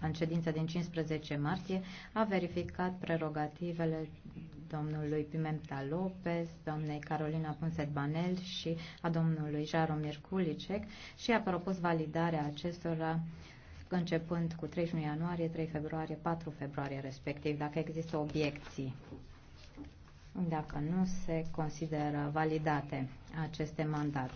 în ședința din 15 martie, a verificat prerogativele domnului Pimenta Lopez, domnei Carolina Punset Banel și a domnului Jaromir Kulicek și a propus validarea acestora începând cu 31 ianuarie, 3 februarie, 4 februarie respectiv, dacă există obiecții. Dacă nu se consideră validate aceste mandate.